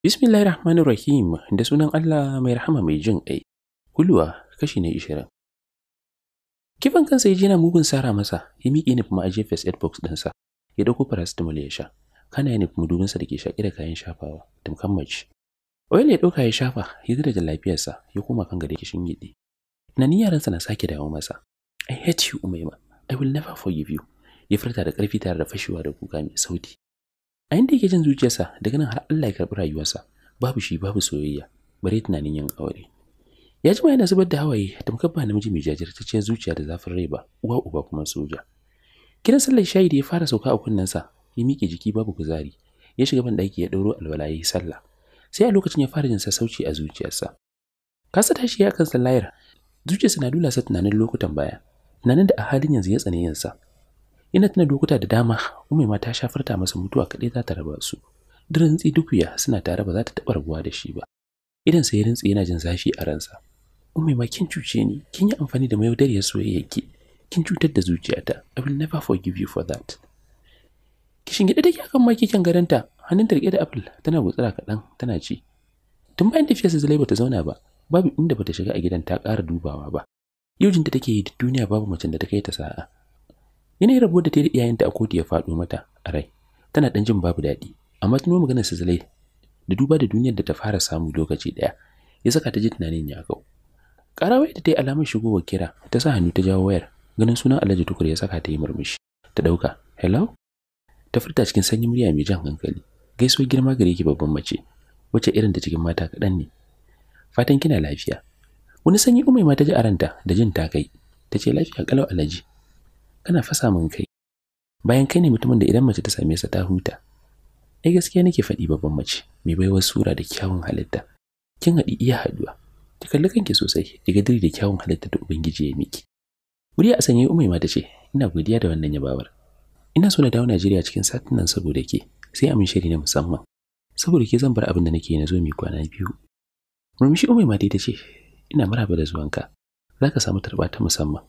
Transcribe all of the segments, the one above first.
Bismillahirrahmanirrahim Rahim da sunan Allah mai rahama mai jin ƙai. Huluwa kashi na ishirin. Kifan kansa ya yana mugun sara masa, ya miƙe ni kuma ajiye first aid box ɗinsa, ya ɗauko paracetamol ya sha. Kana ya nufi mudubinsa da ke shaƙi da kayan shafawa, tamkan mace. Oil ya ɗauka ya shafa, ya zira da lafiyarsa, ya koma kan gare kishin gidi. Tunanin yaransa na sake dawo masa. I hate you, Umayma. I will never forgive you. Ya furta da ƙarfi tare da fashewa da kuka mai sauti. A inda yake jin zuciyarsa daga nan har Allah ya karɓi rayuwarsa, babu shi babu soyayya, bare tunanin yin aure. Ya jima yana zubar da hawaye tamkar ba namiji mai jajirtacciyar zuciya da zafin rai ba, uwa uba kuma soja. Kiran sallar shayi da ya fara sauka a sa, ya miƙe jiki babu kuzari, ya shiga ban ɗaki ya ɗauro alwala ya sallah. Sai a lokacin ya fara jin sassauci a zuciyarsa. Kasa tashi ya kan sallayar, zuciyarsa na dula sa tunanin lokutan baya, na nan da a halin yanzu ya tsane yansa ina tana lokuta da dama umai ma ta shafarta masa mutuwa kaɗai za ta raba su dirintsi duk ya suna tare ba za ta taɓa rabuwa da shi ba idan sai rintsi yana jin zafi a ransa umai ma kin cuce ni kin yi amfani da ya soyayya ki kin cutar da zuciyata i will never forgive you for that kishin gida take akan maki kyan garanta hannun ta rike da apple tana gutsara kaɗan tana ci tun bayan tafiyarsa zulaiba ta zauna ba babu inda bata shiga a gidan ta ƙara dubawa ba Yaujin da take yi duk duniya babu macen da ta kai ta sa'a. Yanayin rabuwa da ta yi da iyayenta a kotu ya faɗo mata a rai. Tana ɗan jin babu daɗi, amma tuno maganar su zalai da duba da duniyar da ta fara samu lokaci ɗaya ya saka ta ji tunanin ya kau. Ƙara ita da ta yi alamar shigowar kira ta sa hannu ta jawo wayar ganin sunan Alhaji Tukur ya saka ta yi murmushi. Ta ɗauka, hello? Ta furta cikin sanyin murya mai jan hankali. Gaisuwar girma gare ki babban mace, wacce irin da cikin mata kaɗan ne. Fatan kina lafiya. wani sanyi umai ma ta ji a da jin ta kai ta ce lafiya kalau alaji kana fasa min kai bayan kai ne mutumin da idan mace ta same sa ta huta ai gaskiya nake faɗi babban mace mai baiwar sura da kyawun halitta kin haɗi iya haɗuwa ki kalli kanki sosai diga diri da kyawun halitta da ubangiji ya miki murya a sanyi umai ma ta ce ina godiya da wannan yabawar ina so na dawo Najeriya cikin satin nan saboda ke sai amin shiri na musamman saboda ke zan bar abin da nake na zo mi kwana biyu murmushi umai ma ta ce ina maraba da zuwanka za ka samu tarba ta musamman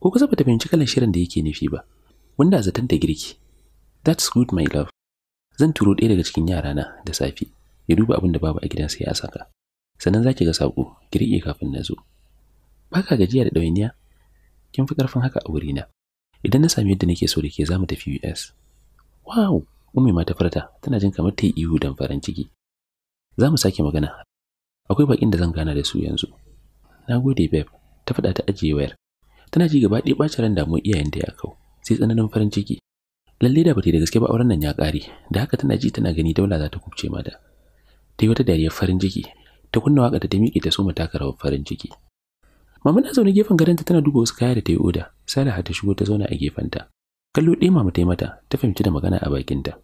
ko kusa ba ta fahimci kalan shirin da yake nufi ba wanda a zaton da girki that's good my love zan turo ɗaya daga cikin yarana da safe ya duba abin da babu a gidansa ya saka sannan za ki ga sako, girki kafin na zo ba ka gajiya da ɗawainiya kin fi ƙarfin haka a wurina idan na sami yadda nake so da ke za mu tafi us wow umi ma ta farta tana jin kamar ta yi ihu dan farin ciki za mu sake magana akwai bakin da zan gana da su yanzu Na gode, babe, ta faɗa ta ajiye wayar. Tana ji gaba ɗaya ɓacin ran damuwar iyayenta ya kau, sai tsananin farin ciki. Lalle da bata da gaske ba auren nan ya ƙare, da haka tana ji tana gani daula za ta kubce mata. Ta yi wata dariyar farin ciki, ta kunna waƙa da ta miƙe ta soma taka rawar farin ciki. Mama na zaune gefen gadonta tana duba wasu kaya da ta yi oda, Salaha ta shigo ta zauna a gefenta. Kallo ɗaya mama ta yi mata, ta fahimci da magana a bakinta.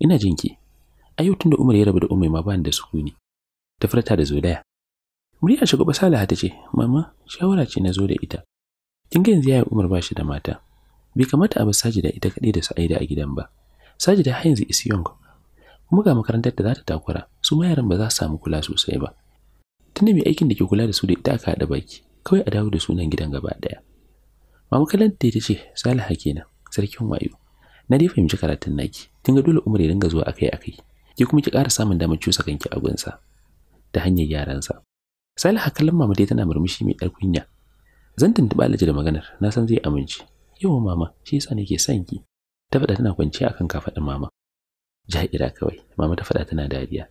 Ina jinki, a yau tun da Umar ya rabu da Umar ma ni da sukuni. Ta furta da zolaya Muryar shiga Salaha ta ce, "Mama, shawara ce na zo da ita. Kin ga yanzu yayin Umar ba shi da mata. Bai kamata a bar da ita kaɗai da Sa'ida a gidan ba. Sajida har yanzu is young. Kuma ga makarantar da za ta takura, su ma yaran ba za su samu kula sosai ba. Tunda mai aikin da ke kula da su da ita aka haɗa baki, kawai a dawo da sunan gidan gaba ɗaya. Mama kalan ta ce, "Salaha kenan, sarkin wayo." Na dai fahimci karatun naki. Kin ga dole Umar ya dinga zuwa akai-akai. Ki kuma ki ƙara samun damar cusa kanki a gunsa. ta hanyar yaransa. Saliha kallon mama dai tana murmushi mai ɗar kunya. Zan tuntuba Alhaji da maganar, na san zai amince. Yawa mama, shi yasa nake son ki. Ta faɗa tana kwanciya akan kafaɗin mama. Ja'ira kawai, mama ta faɗa tana dariya.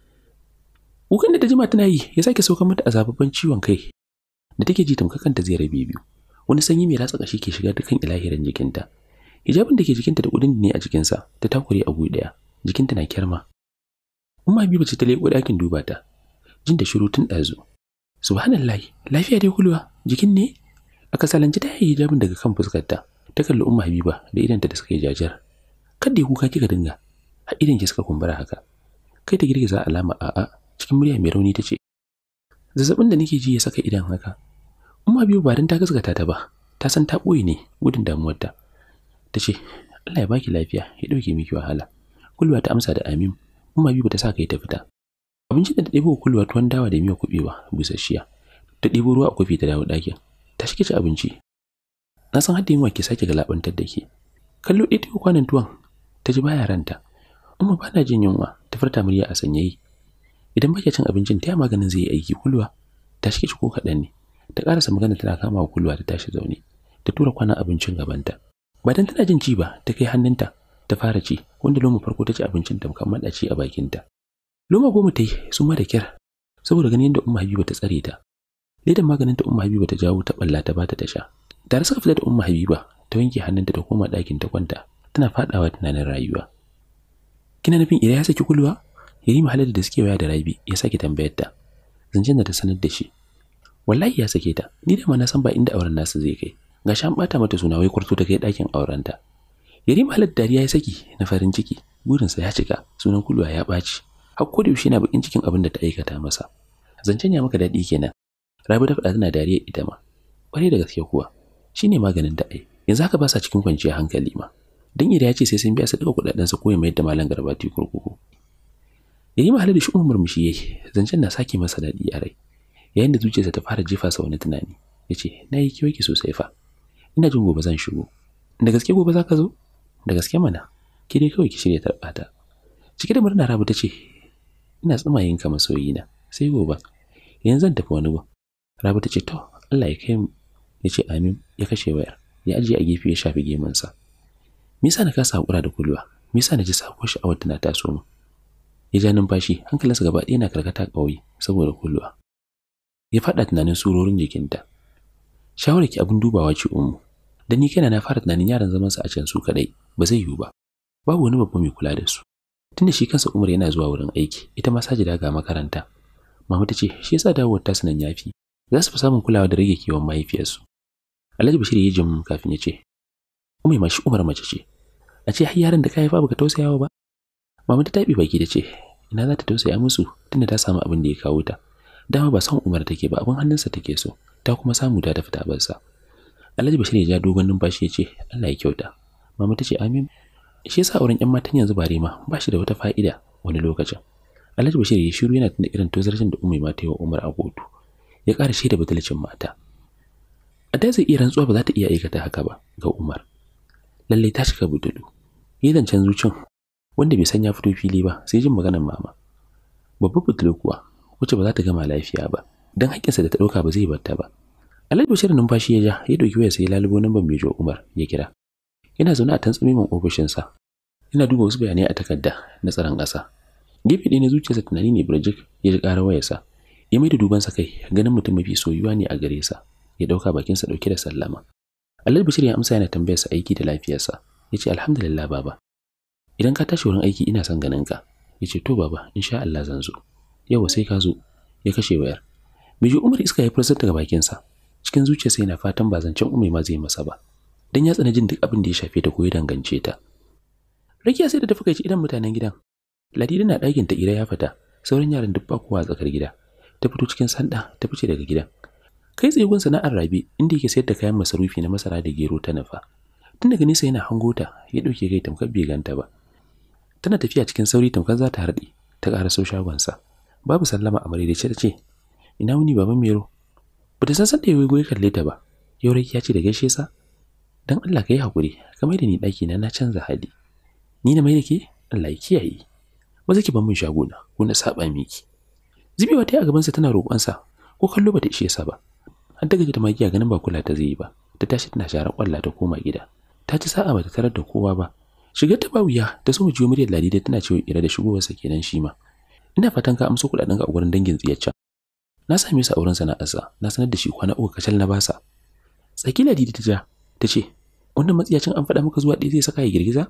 Kukan da ta jima tana yi ya sake saukar mata azababban ciwon kai da take ji tamkar kanta zai rabe biyu. Wani sanyi mai ratsa ƙashi ke shiga dukkan ilahirin jikinta. Hijabin da ke jikinta da ƙudin ne a jikinsa ta takure a guri ɗaya, jikinta na kyarma. Umma Habiba ce ta leƙo ɗakin duba ta, jin da shiru tun ɗazu. subhanallahi lafiya dai kulwa jikin ne aka salanci ta yi hijabin daga kan fuskarta ta kalli umma habiba da idanta da suka yi jajar kada ya kuka kika dinga A idan ki suka kumbura haka kai ta girgiza alama a'a cikin murya mai rauni ta ce. zazzabin da nake ji ya saka idan haka umma biyu ba dan ta gaskata ta ba ta san ta ɓoye ne gudun Ta tace Allah ya baki lafiya ya dauke miki wahala kulwa ta amsa da amin umma biyu ta sa kai ta fita Abinci da ta ɗebo kulwa tuwon dawa da miyar kuɓewa busasshiya ta ɗebo ruwa a kofi ta dawo ɗakin ta shige ci abinci na san hadda yunwa ke sake galabantar da ke kallo ɗaya ta kwanan tuwon ta ji baya ranta umma ba na jin yunwa ta furta murya a sanyayi idan ba cin abincin ta maganin zai yi aiki kulwa ta shige ci ko kaɗan ne ta ƙarasa magana tana kama wa kulwa ta tashi zaune ta tura kwanan abincin gabanta ba dan tana jin ci ba ta kai hannunta ta fara ci wanda loma farko ta ci abincin tamkar maɗaci a bakinta Loma goma ta yi sun ma da kyar saboda ganin yadda Umma Habiba ta tsare ta. Ledan maganin ta Umma Habiba ta jawo ta balla ta bata ta sha. Tare suka fita da Umma Habiba ta wanke hannunta ta koma ɗakin ta kwanta tana faɗawa tunanin rayuwa. Kina nufin idan ya saki kulwa? Yarima mahalar da suke waya da Rabi ya sake tambayar ta. Zancen da ta sanar da shi. Wallahi ya sake ta. Ni da ma na san ba inda auren nasu zai kai. Ga an bata mata suna wai kwarto ta kai ɗakin aurenta. Yarima da dariya ya saki na farin ciki. sa ya cika. Sunan kulwa ya ɓaci. har ko yaushe yana bakin cikin abin da ta aikata masa zancen ya maka daɗi kenan rabi ta fada tana dariya ita ma ƙwarai da gaske kuwa shine maganin da ai yanzu haka ba sa cikin kwanciyar hankali ma dan ida ya ce sai sun biya su duka kudaden su ko ya mayar da malam garbati kurkuku yayi mahalar da shi murmushi yake zancen na sake masa daɗi a rai yayin da zuciyarsa ta fara jifa sa wani tunani yace nayi yi kiyoki sosai fa ina jin gobe zan shigo da gaske gobe za ka zo da gaske mana ki dai kawai ki shirya tarɓata cike da murna rabu ta ce ina yin ka na, sai gobe yanzu zan tafi wani gun rabi ta ce to Allah ya kai ya ce amin ya kashe wayar ya ajiye a gefe ya shafi gemansa me yasa na kasa hakura da kulwa me yasa na ji sako sha'awar tana taso mu ya ja numfashi hankalinsa gaba ɗaya na karkata ƙauye saboda kulwa ya faɗa tunanin surorin jikinta shawarar ki abin dubawa ce ummu Da ni kaina na fara tunanin yaran zaman su a can su kadai ba zai yiwu ba babu wani babba mai kula da su tunda shi kansa Umar yana zuwa wurin aiki ita ma Sajida ga makaranta Mama ta ce shi yasa dawowar ta nan yafi za su fi samun kulawa da rage kiwon mahaifiyarsu Alhaji Bashir ya jim kafin ya ce Umai ma shi Umar mace ce a ce har yaran da ka haifa baka tausayawa ba Mama ta taɓi baki ta ce ina za ta tausaya musu tunda ta samu abin da ya kawo ta dama ba san Umar take ba abin hannunsa take so ta kuma samu ta tafi barsa Alhaji Bashir ya ja dogon numfashi ya ce Allah ya kyauta Mama ta ce amin shi yasa auren ƴan matan yanzu ba rima ba shi da wata fa'ida wani lokacin Alhaji Bashir ya shiru yana tunda irin tozarcin da Ummi mata wa Umar a kotu ya ƙara da batulcin mata a da zai iya rantsuwa ba za ta iya aikata haka ba ga Umar lalle ta shiga budulu yi canzu zucin wanda bai san ya fito fili ba sai jin maganar mama babba budulu kuwa wacce ba za ta gama lafiya ba dan haƙƙinsa da ta ɗauka ba zai bar ba Alhaji Bashir numfashi ya ja ya ɗauki waya sai lalubo namban Mejo Umar ya kira Yana zaune a tantsamimin ofishinsa. Yana duba wasu bayanai a takarda na tsaron kasa. Gefe ɗaya na zuciyarsa tunani ne Birjik ya ji ƙarar wayarsa. Ya mai da sa kai ganin mutum mafi soyuwa ne a gare sa. Ya ɗauka sa ɗauke da sallama. Allah Bashir ya amsa yana tambayar sa aiki da lafiyarsa. Ya ce alhamdulillah baba. Idan ka tashi wurin aiki ina son ganin ka. Ya ce to baba insha Allah zan zo. Yawa sai ka zo. Ya kashe wayar. Miji Umar iska ya fursar daga bakinsa. Cikin zuciyarsa yana fatan ba zancen Umar ma zai masa ba. don ya tsana jin duk abin da ya shafe ta ko dangance ta. Rakiya sai da ta fakaici idan mutanen gidan. Ladi na ɗakin ta ira ya fata, sauran yaran duk ba kowa a tsakar gida. Ta fito cikin sanda ta fice daga gidan. Kai tsaye gun sana'ar Rabi inda yake sayar da kayan masarufi na masara da gero ta nufa. Tun daga nesa yana hango ta, ya ɗauke kai tamkar bai ganta ba. Tana tafiya cikin sauri tamkar za ta harɗe, ta shagon sa. Babu sallama a ce ta ce, Ina wuni baban Mero? Ba ta san sanda ya goyi kalle ta ba, yau ya ce da gaishe sa, dan Allah kai hakuri ka mai da ni daki na na canza hali ni na mai da ke Allah ya kiyaye ba ki ban shago shagona ko na saba miki zibewa ta yi a sa tana roƙon sa. ko kallo bata ishe sa ba an ta ta magiya ganin ba kula ta zai yi ba ta tashi tana share kwalla ta koma gida ta ci sa'a bata tarar da kowa ba Shiga ta ba wuya ta so mu jiyo muryar ladida tana cewa ira da shigowarsa kenan shi ma ina fatan ka amsa kuɗaɗen ka a gurin dangin tsiyaccen na same su auren wurin sana'arsa na sanar da shi kwana uku kacal na basa tsaki didi ta ja ta ce wannan matsiyacin an faɗa maka zuwa ɗaya zai saka ya girgiza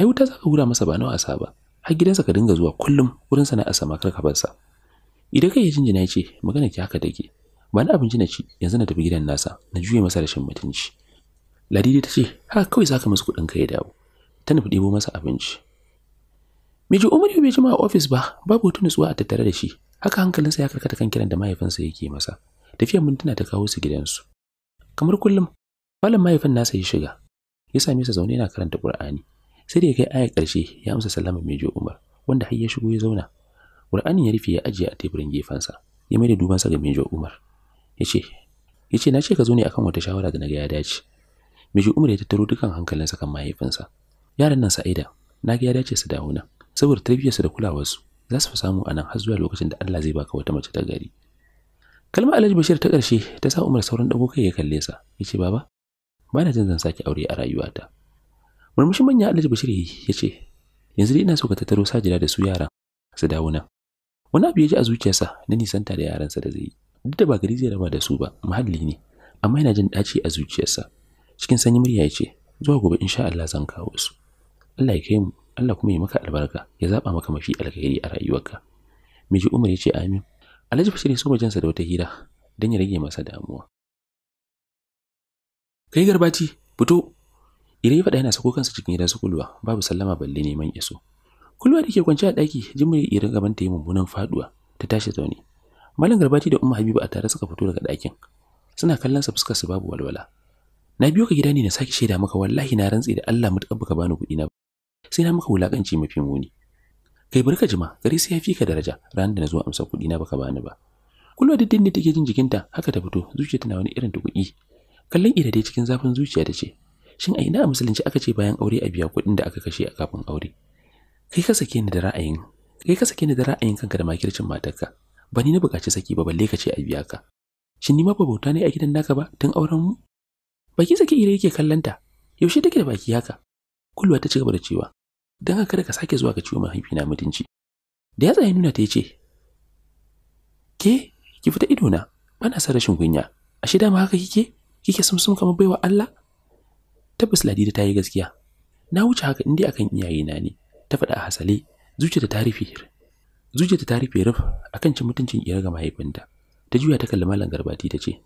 ai wuta za ka hura masa ba na wasa ba har gidansa ka dinga zuwa kullum wurin sana'ar a samakar ka barsa idan kai ya jinjina ya ce magana ki haka take ba na abinci na ci yanzu na tafi gidan nasa na juye masa rashin mutunci ladidi ta ce haka kawai ka musu kuɗin ka ya dawo ta nufi ɗebo masa abinci Miji Umar bai jima a ofis ba, babu wata nutsuwa a tattare da shi. Haka hankalinsa ya karkata kan kiran da mahaifinsa yake masa. Tafiyar mintuna ta kawo su gidansu. Kamar kullum, Malam mahaifin nasa ya shiga, ya same sa zaune yana karanta Qur'ani. Sai da ya kai aya ƙarshe ya amsa salama mai Umar, wanda har ya shigo ya zauna. Qur'anin ya rufe ya ajiye a teburin gefensa, ya mai da dubansa ga Mejo Umar. Ya ce, ya ce na ce ka zo ne akan wata shawara da na ga ya dace. Mejo Umar ya tattaro dukkan hankalinsa kan mahaifinsa. Yaran nan Sa'ida, na ga ya dace su dawo nan, saboda tarbiyyarsu da kulawarsu. Za su fi samu a nan har zuwa lokacin da Allah zai baka wata mace ta gari. kalmar alhaji bashir ta ƙarshe ta sa umar sauran dago kai ya kalle sa ya ce baba ba na jin zan sake aure a rayuwata murmushin manya alhaji bashir ya ce yanzu dai ina so ka tattaro sajira da su yara, su dawo nan wani abu ya ji a zuciyarsa na nisanta da yaransa da zai yi duk da ba gari zai raba da su ba muhalli ne amma yana jin ɗaci a zuciyarsa cikin sanyi murya ya ce zuwa gobe insha Allah zan kawo su Allah ya kai mu Allah kuma ya maka albarka ya zaba maka mafi alkhairi a rayuwarka miji Umar ya ce amin Alhaji Bashir ya so sa da wata hira don ya rage masa damuwa kai garbati fito Idan ya faɗa yana sako kansa cikin gidan su kulwa babu sallama balle neman iso kulwa da ke kwance a ɗaki jimri ire gaban ta yi mummunan faduwa ta tashi zaune malam garbati da umma habiba a tare suka fito daga ɗakin suna kallon sa fuskar su babu walwala na biyo ka gida ne na saki shaida maka wallahi na rantse da Allah mutakar baka bani kuɗi na sai na maka wulakanci mafi muni kai barka jima gari sai ya fi ka daraja ranar da na zo amsa kuɗi na baka bani ba kulwa diddin da take jin jikinta haka ta fito zuciyarta na wani irin tukuki kallon ida dai cikin zafin zuciya ta ce shin a ina a musulunci aka ce bayan aure a biya kuɗin da aka kashe a kafin aure kai ka sake ni da ra'ayin kai ka sake ni da ra'ayin kanka da makircin matarka ba ni na buƙaci saki ba balle ka ce a biya ka shin ni ma ba bauta ne a gidan naka ba tun auren mu baki sake ire yake kallanta yaushe take da baki haka kulwa ta ci da cewa dan haka kada ka sake zuwa ga ciwo mahaifina mutunci da ya tsaya nuna ta yace ke ki fita ido na bana son rashin kunya ashe dama haka kike kike sumsum kamar baiwa Allah tabbas Ladida ta yi gaskiya na wuce haka indai akan iyaye na ne ta faɗa a hasale zuciyarta ta rufe zuciyarta ta rufe ruf akan cin mutuncin iyar ga mahaifinta ta juya ta kalli malam garbati ta ce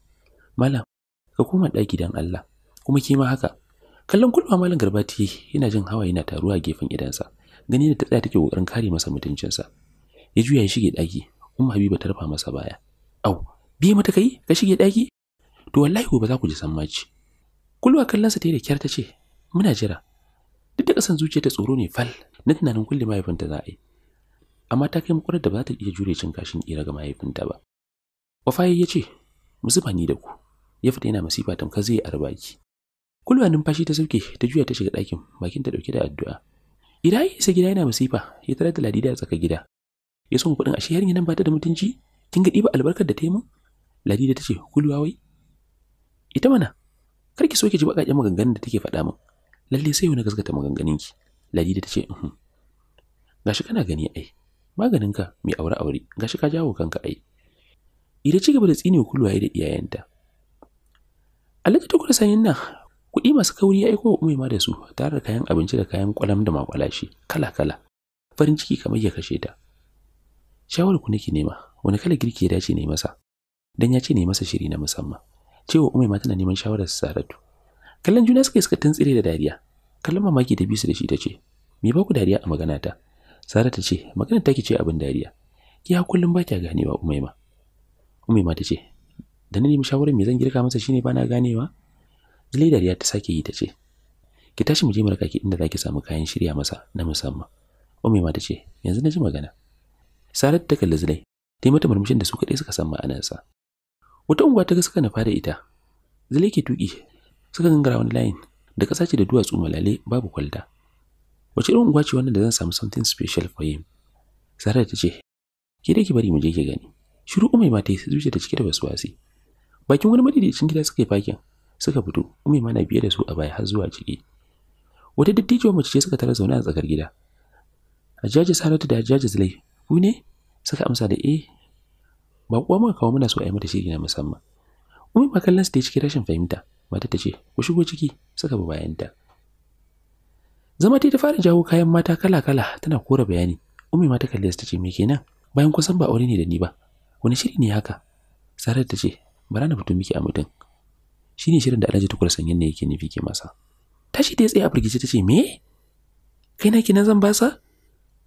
malam ka koma ɗaki don Allah kuma ke ma haka kallon kulwa malam garbati yana jin hawa yana taruwa gefen idansa gani da ta tsaya take kokarin kare masa mutuncinsa ya juya ya shige ɗaki umma habiba ta rufa masa baya au biye mata kai ka shige ɗaki to wallahi ba za ku ji sammaci kulwa kallonsa ta yi da kyar ta ce muna jira duk da kasan zuciya ta tsoro ne fal na tunanin kulle mahaifinta za a yi amma ta kai makwarar da ba za ta iya jure cin kashin ƙira ga mahaifinta ba wafaye ya ce mu zuba ni da ku ya fita yana masifa tamkar zai arbaki kulwa numfashi ta sauke ta juya ta shiga ɗakin bakin ta ɗauke da addu'a ira ya isa gida yana masifa ya tarar da ladida a tsaka gida ya so kuɗin ashe yarinya nan ba ta da mutunci kin ga ɗiba albarkar da ta yi min ladida ta ce kulwa wai ita mana kar ki so ki ji bakaƙen maganganun da take faɗa min lalle sai yau na gaskata maganganun ki ladida ta ce uhm, gashi kana gani ai maganin ka mai aure aure gashi ka jawo kanka ai ida ci gaba da tsine kulwaye da iyayenta alaka ta kula sanin nan kuɗi masu kauri ya aiko umai ma da su tare da kayan abinci da kayan kwalam da makwalashi kala kala farin ciki kamar ya kashe ta shawarar ku nake nema wani kala girki ya dace ne masa dan ya ce ne masa shiri na musamman cewa umaima tana neman shawarar saratu kallon juna suka yi suka da dariya kallon mamaki da bisu da shi ta ce me ba ku dariya a magana ta saratu ce magana take ce abin dariya ki ha kullum ba kya ganewa umaima umaima ta ce da na nemi shawarar me zan girka masa shine ba na ganewa zalai dariya ta sake yi ta ce ki tashi mu je marka ki inda zaki samu kayan shirya masa na musamman umaima ta ce yanzu na ji magana Saratu ta kalli zalai ta mata murmushin da su kaɗai suka san ma'anarsa wata unguwa ta ga suka nufa da ita zile ke tuki suka gangara wani layin da kasa ce da duwatsu malale babu kwalda. wace irin unguwa ce wannan da zan samu something special for him sarar ta ce ke da ki bari mu je ki gani shiru umai ma ta yi zuciya ta cike da waswasi bakin wani madidicin gida suka yi fakin suka fito umai ma na biye da su a baya har zuwa ciki wata dattijo mace ce suka tara zaune a tsakar gida A sarar Saratu da jaji zile ku ne? Suka amsa da eh ba kuwa muka kawo muna so a yi mata shiri na musamman Umar ba kallon su ta cikin rashin fahimta mata ta ce ku shigo ciki suka bi bayanta zama ta ta fara jawo kayan mata kala-kala tana kora bayani Umar mata ta kalle su ta ce me kenan bayan kusan ba aure ne da ni ba wani shiri ne haka sarar ta ce bara na fito miki a mutum shi ne shirin da alhaji tukur sanyin ne yake nufi ke masa tashi ta tsaye a firgice ta ce me kai na kenan zan basa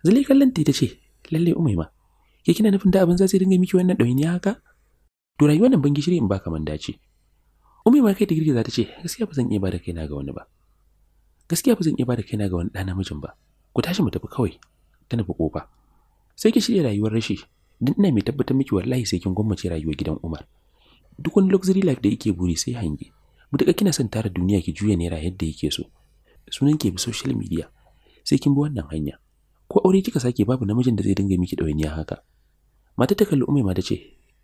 Zali kallon ta ce lallai umai ma ke kina nufin da abin za su dinga miki wannan ɗawainiya haka to rayuwar nan ban gishiri in ba kaman dace umi ma kai ta girgiza ta ce gaskiya ba zan iya ba da kaina ga wani ba gaskiya ba zan iya ba da kaina ga wani ɗa namijin ba ku tashi mu tafi kawai ta nufi kofa sai ki shirya rayuwar rashi din ina mai tabbatar miki wallahi sai kin gwammace rayuwar gidan Umar duk wani luxury life da yake buri sai hange duka kina son tara duniya ki juya naira yadda yake so sunan ke bi social media sai kin bi wannan hanya ko aure kika sake babu namijin da zai dinga miki ɗawainiya haka mata ta kalli umaima ta ce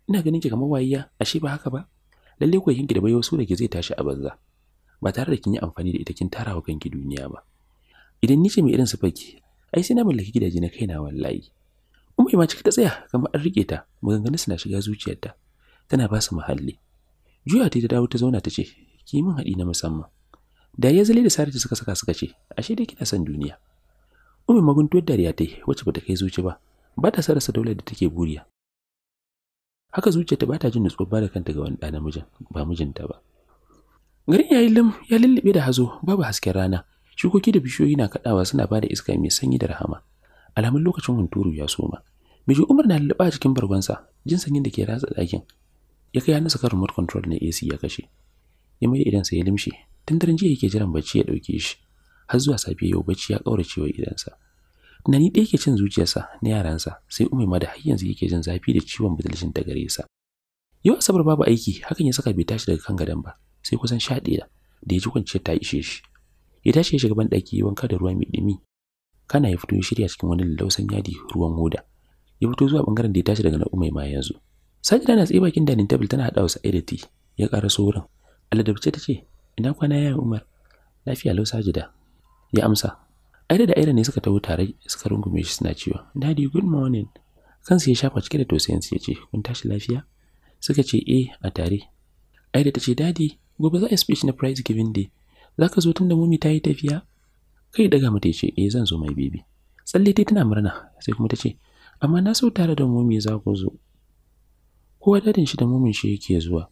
ina ganin ki kamar wayiya ashe ba haka ba lalle ku ki da bayo su da ki zai tashi a banza ba tare da kin yi amfani da ita kin tara wa kanki duniya ba idan ni ce mai irin su sufaki ai sai na mallaki gidaje na kaina wallahi ma cika ta tsaya kamar an rike ta maganganun suna shiga zuciyarta tana ba su muhalli juya ta dawo ta zauna ta ce ki min haɗi na musamman da ya zale da sarati suka saka suka ce ashe dai kina son duniya Umai maguntuwar dariya ta yi wacce ta kai zuci ba ba ta sarrasa daular da take buriya haka zuciyarta ba ta jin nutsuwar ba da kanta ga wani ɗa namijin ba mijinta ba garin yi lim ya lullube da hazo babu hasken rana shukoki da bishiyoyi na kaɗawa suna ba da iska mai sanyi da rahama alamun lokacin hunturu ya soma miji umar na lulluɓa a cikin bargonsa jin sanyin da ke ratsa ɗakin ya kai hannunsa kan remote control na AC ya kashe ya mai idansa ya limshe tun daren jiya yake jiran bacci ya ɗauke shi har zuwa safiya yau bacci ya ƙaurace wa idansa ni ɗaya ke cin zuciyarsa na yaransa sai umai ma da har yanzu yake jin zafi da ciwon budulcin ta gare sa yau asabar babu aiki hakan ya saka bai tashi daga kan gadon ba sai kusan sha ɗaya da ya ji kwanciyar ta ishe shi ya tashi ya shiga banɗaki ɗaki wanka da ruwa mai ɗumi kana ya fito ya shirya cikin wani lallausan yadi ruwan hoda ya fito zuwa bangaren da ya tashi daga na ma yanzu sajida na tsaye bakin dining tabil tana haɗa wasa da ti. ya ƙara sauran aladabce ta ce ina kwana ya umar lafiya lau sajida ya amsa Aida da Aida ne suka taho tare suka rungume shi suna cewa, Daddy good morning. Kansu ya shafa cike da tausayinsu ya ce, Kun tashi lafiya? Suka ce, Eh, a tare. Aida ta ce, Daddy, gobe za a speech na prize giving day. Za ka zo tun da mummy ta yi tafiya? Kai daga mata ya ce, Eh, zan zo mai bibi. Tsalle ta tana murna, sai kuma ta ce, Amma na so tare da mummy za ku zo. Kowa dadin shi da mummy shi yake zuwa.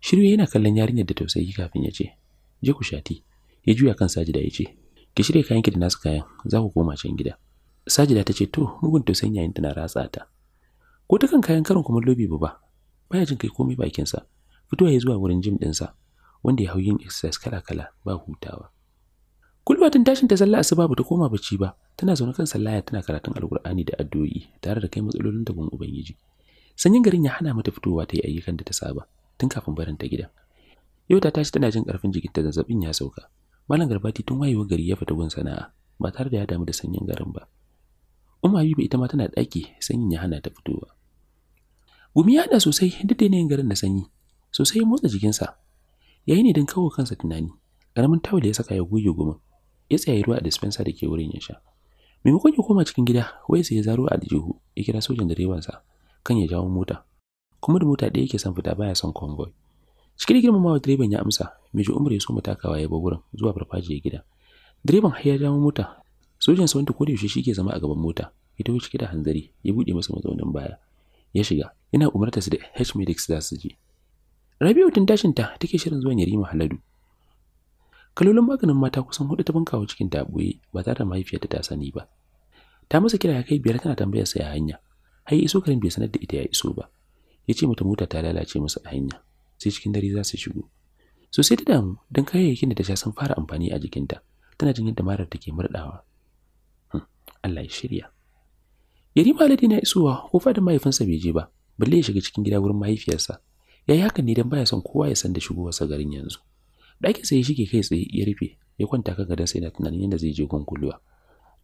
Shirye yana kallon yarinyar da tausayi kafin ya ce, Je ku shati. Ya juya kan da ya ce, ki shirya kayanki da nasu kayan za ku koma can gida sajida ta ce to mugun san yayin tana ratsa ta ko ta kayan karin kumallo lobi ba baya jin kai komai bakinsa fitowa ya zuwa wurin jim ɗinsa wanda ya hau yin exercise kala-kala ba hutawa tun tashin ta sallah asuba bata koma bacci ba tana zaune kan sallaya tana karatun alkur'ani da addu'o'i tare da kai matsalolin da gun ubangiji sanyin garin ya hana mata fitowa ta yi ayyukan da ta saba tun kafin barin ta gida yau ta tashi tana jin karfin jikinta zazzabin ya sauka Malam Garbati tun wayewar gari ya fita gun sana'a ba tare da ya damu da sanyin garin ba. Umma habibu ita ma tana ɗaki sanyin ya hana ta fitowa. Gumi ya haɗa sosai duk da yanayin garin da sanyi sosai ya motsa jikinsa. Yayi ne don kawo kansa tunani. Karamin tawul ya saka ya goge gumin. Ya tsaya ruwa a dispensa da ke wurin ya sha. Maimakon ya koma cikin gida, wai sai ya zaro a aljihu ya kira sojan direbansa kan ya jawo mota. Kuma da mota ɗaya yake son fita baya son convoy. Cikin girmamawa direban ya amsa Miji Umar ya so takawa ya bar wurin zuwa farfajiyar gida. Direban har ya dawo mota. Sojan sa wanda ko shi ke zama a gaban mota. Ya wuce cike hanzari ya buɗe masa mazaunin baya. Ya shiga yana umarta su da H Medics za su je. Rabi'u tun tashin ta take shirin zuwa Yarima Haladu. Kalolin maganin mata kusan hudu ta bankawa cikin ta ba za da mahaifiyarta ta sani ba. Ta masa kira ya kai biyar tana tambayar sa ya hanya. Hai iso karin bai sanar da ita ya iso ba. Ya ce mata mota ta lalace masa a hanya. Sai cikin dare za su shigo. Sosai ta damu don kayayyakin da ta sha sun fara amfani a jikinta. Tana jin yadda marar take murɗawa. Hmm, Allah ya shirya. Yarima maladi na isowa ko fadin mahaifinsa bai je ba, balle ya shiga cikin gida wurin mahaifiyarsa. Ya yi hakan ne don baya son kowa ya san da shigowarsa garin yanzu. Ɗakin sai ya shige kai tsaye ya rufe, ya kwanta kan gadon sai na tunanin yadda zai je gunkuluwa.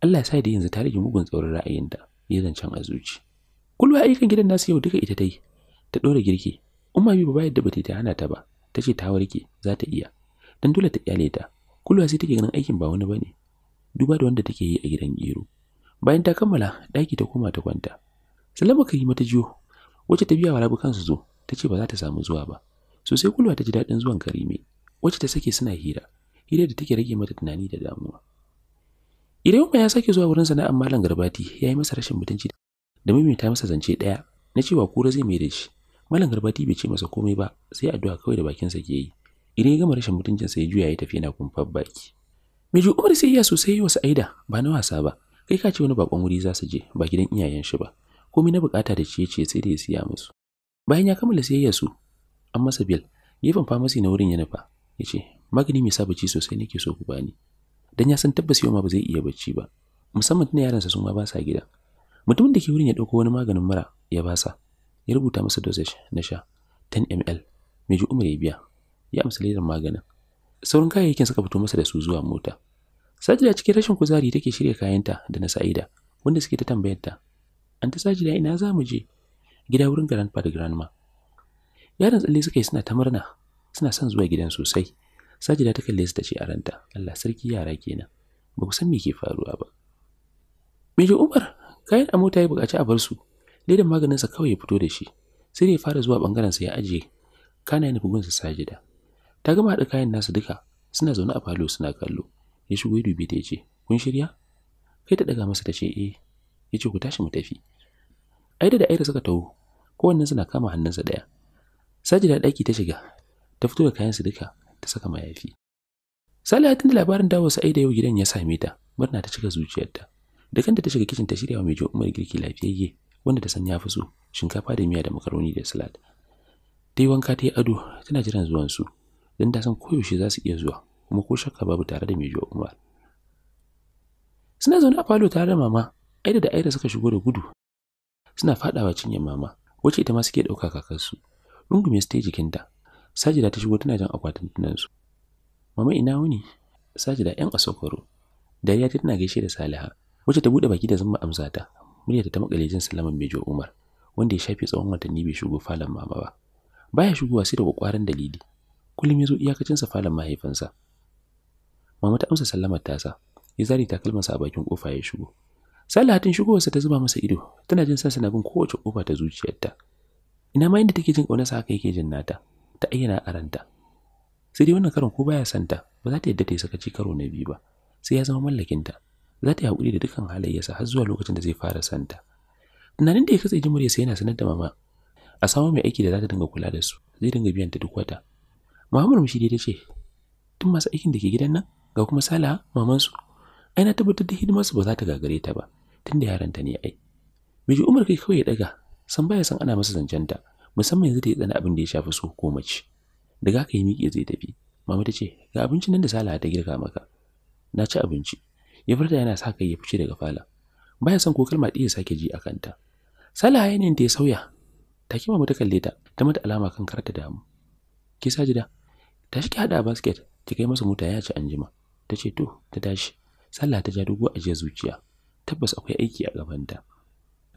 Allah ya sa da yanzu ta rage mugun tsoron ra'ayinta, ya zancen a zuci. Kulwa ayyukan gidan nasu yau duka ita ta yi, ta ɗora girki. Umma bi ba yadda bata ta hana ta ba, ta ce ta warke za ta iya dan dole ta kyale ta kulwa sai take ganin aikin ba wani bane duba da wanda take yi a gidan gero bayan ta kammala daki ta koma ta kwanta salama kai mata jiyo wace ta biya wa rabu kansu zo ta ce ba za ta samu zuwa ba sosai kulwa ta ji daɗin zuwan karime wace ta sake suna hira hira da take rage mata tunani da damuwa idan ya sake zuwa wurin sana'ar malam garbati ya yi masa rashin mutunci da ta masa zance ɗaya na cewa kura zai mai da shi Malam Garbati bai ce masa komai ba, sai addu'a kawai da bakinsa ke yi. Idan ya gama rashin mutuncin ya juya ya tafi yana kumfar baki. Miju Umar sai ya sosai wasu aida ba na wasa ba. Kai ka ce wani bakon wuri za su je ba gidan iyayen shi ba. Komai na bukata da ciye-ciye sai da ya siya musu. Bayan ya kammala sayayya su, an masa bil. Gefen famasi na wurin ya nufa. Ya ce, magani mai sa bacci sosai nake so ku bani. Dan ya san tabbas yau ma ba zai iya bacci ba. Musamman tunda yaransa sun ma ba sa gida. Mutumin da ke wurin ya dauko wani maganin mura ya basa. ya rubuta masa dosage na sha 10 ml mai ji umar ya biya ya amsa ledar maganin Saurin kayayyakin suka fito masa da su zuwa mota sajida cikin rashin kuzari take shirya kayanta da na sa'ida wanda suke ta tambayar ta an ta sajida ina za mu je gida wurin grandpa da grandma yaran tsalle suka yi suna ta murna suna son zuwa gidan sosai sajida ta kalle su ta ce a ranta Allah sarki yara kenan ba ku san me ke faruwa ba ji Umar, kayan a mota ya buƙaci a bar su, ledan maganinsa kawai ya fito da shi sai ya fara zuwa sa ya ajiye kana ya bugun sa sajida ta gama da kayan nasu duka suna zaune a falo suna kallo ya shigo ya dubi ta ya ce kun shirya kai ta ɗaga masa ta ce eh ya ce ku tashi mu tafi aida da aida suka taho kowannen suna kama hannunsa ɗaya sajida ɗaki ta shiga ta fito da kayan sa duka ta saka mayafi Salihu tun da labarin dawo sa aida yau gidan ya same ta murna ta cika zuciyarta da ta shiga kicin ta shirya wa mai Umar girki lafiyayye wanda ta san ya fi so shinkafa da miya da makaroni da salad dai wanka ta yi ado tana jiran zuwan su don ta san koyaushe za su iya zuwa kuma ko shakka babu tare da mejo umar suna zaune a falo tare da mama aida da aida suka shigo da gudu suna fadawa cinyar mama wacce ita ma suke ɗauka kakarsu rungume su ta yi jikinta sajida ta shigo tana jan akwatin tunansu mama ina wuni sajida yan asokoro dariya ta tana gaishe da saliha wace ta bude baki da zama amsa ta muryarta ta makale jin sallaman Mejo Umar wanda ya shafe tsawon watanni bai shigo falon mama ba baya shigowa sai da kwakwaran dalili kullum ya zo iyakacin sa falon mahaifinsa mama ta amsa sallamar sa, ya zari takalmansa a bakin kofa ya shigo Salahatin sa ta zuba masa ido, tana jin sansa na bin kowace kofa ta zuciyarta. Ina ma inda take jin kaunarsa haka yake jin nata, ta ayyana aranta. Sai dai wannan karon ko baya santa, ba za ta yadda ta yi sakaci karo na biyu ba, sai ya zama mallakinta. za ta yi haƙuri da dukkan halayyarsa har zuwa lokacin da zai fara santa tunanin da ya katse jimure sai yana sanar da mama a samu mai aiki da za ta dinga kula da su zai dinga biyan ta duk wata Muhammad Mushidi ta ce tun masu aikin da ke gidan nan ga kuma Sala mamansu ai na tabbatar da hidimarsu ba za ta gagare ta ba tunda ta ne ai miji Umar kai kawai ya daga san baya san ana masa ta musamman yanzu ta yi tsana abin da ya shafi su ko mace daga ka yi miƙe zai tafi mama ta ce ga abincin nan da Sala ta girka maka na ci abinci ya furta yana sa kai ya fice daga falon baya son ko kalma ya sake ji a kanta salaha yayin da ya sauya ta kima mata kalle ta ta mata alama kan kar ta damu ki da ta shi ki hada basket ki kai masa mota ya ci anjima ta ce to ta tashi Sallah ta ja dogo a jiya zuciya tabbas akwai aiki a gabanta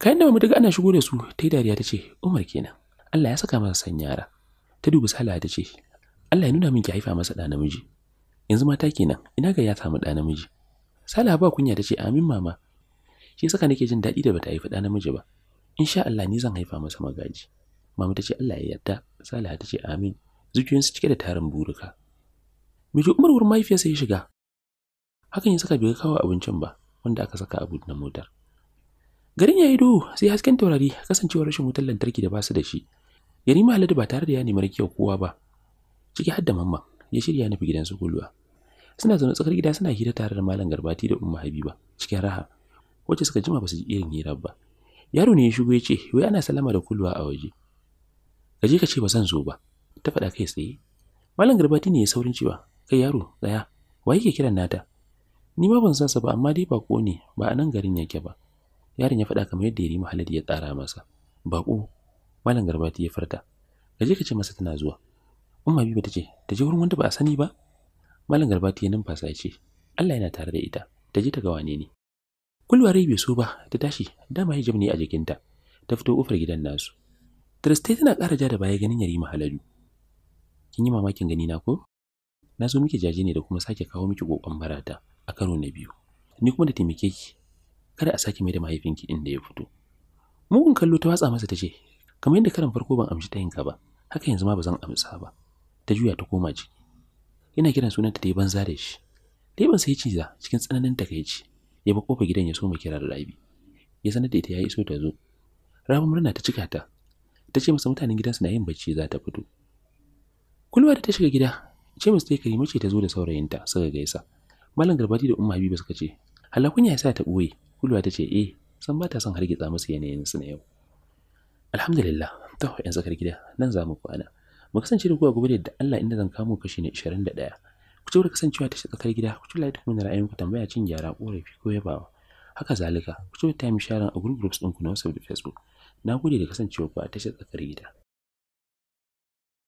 kayan da mamuta ga ana shigo da su ta yi dariya ta ce umar kenan Allah ya saka masa san yara ta dubi Salah ta ce Allah ya nuna min ki haifa masa ɗa namiji yanzu mata kenan ina ga ya samu ɗa namiji Salah ba kunya ta ce amin mama. Shi saka nake jin daɗi da bata haifi ɗa namiji ba. Insha Allah ni zan haifa masa magaji. Mama ta ce Allah ya yarda. Sala ta ce amin. Zuciyoyinsu cike da tarin buruka Miji Umar wurin sai ya shiga. Hakan ya saka bai kawo abincin ba wanda aka saka a na motar. Garin yayi yi duhu sai hasken taurari kasancewar rashin wutar lantarki da basu da shi. Yarima Haladu ba tare da ya nemi rakiyar kowa ba. Ciki har da mamman ya shirya nufi gidan su suna zaune tsakar gida suna hira tare da malam garbati da umma habiba cikin raha wacce suka jima ba su ji irin hirar ba yaro ne ya shigo ya ce wai ana salama da kulwa a waje ka je ka ce ba zan zo ba ta faɗa kai tsaye malam garbati ne ya saurin cewa kai yaro tsaya wa yake kiran nata ni ma ban sa ba amma dai bako ne ba a nan garin yake ba yaron ya faɗa kamar yadda ya Yarima haladi ya tsara masa bako malam garbati ya farta ka je ka ce masa tana zuwa umma bibi ta ce ta je wurin wanda ba a sani ba Malam ta yi numfasa ya ce, Allah yana tare da ita, ta ji ta ga wane ne. Kulware bai so ba, ta tashi, dama hijab ne a jikinta, ta fito kofar gidan nasu. Triste tana ƙara ja da baya ganin Yarima Haladu. Kin yi mamakin gani na ko? Na zo miki jaje ne da kuma sake kawo miki kokon barata a karo na biyu. Ni kuma da taimake ki. Kada a sake mai da mahaifinki inda ya fito. Mugun kallo ta watsa masa ta ce, kamar yadda karan farko ban amshi ta yinka ba, haka yanzu ma ba zan amsa ba. Ta juya ta koma ciki. yana kiran sunanta da banza zare shi ban sai ciza cikin tsananin takaici ya bi kofar gidan ya so kira da rabi ya sanar da ita ya iso ta zo rabi murna ta cika ta ta ce masa mutanen gidansu na yin bacci za ta fito kulwa da ta shiga gida ce masa ta kai ce ta zo da saurayinta suka gaisa malam garbati da umma habiba suka ce halakunya ya sa ta boye kulwa ta ce eh san ba ta son hargitsa musu su na yau alhamdulillah taho yan tsakar gida nan za mu kwana mu kasance da a gobe da Allah inda zan kamo kashi ne 21 ku ci kasancewa ta tsakar gida ku ci like kuma ra'ayin ra'ayinku tambaya cin gyara korafi ko yabawa haka zalika ku ci time sharing a group groups ɗinku na WhatsApp da Facebook na gode da kasancewa ku a tashar tsakar gida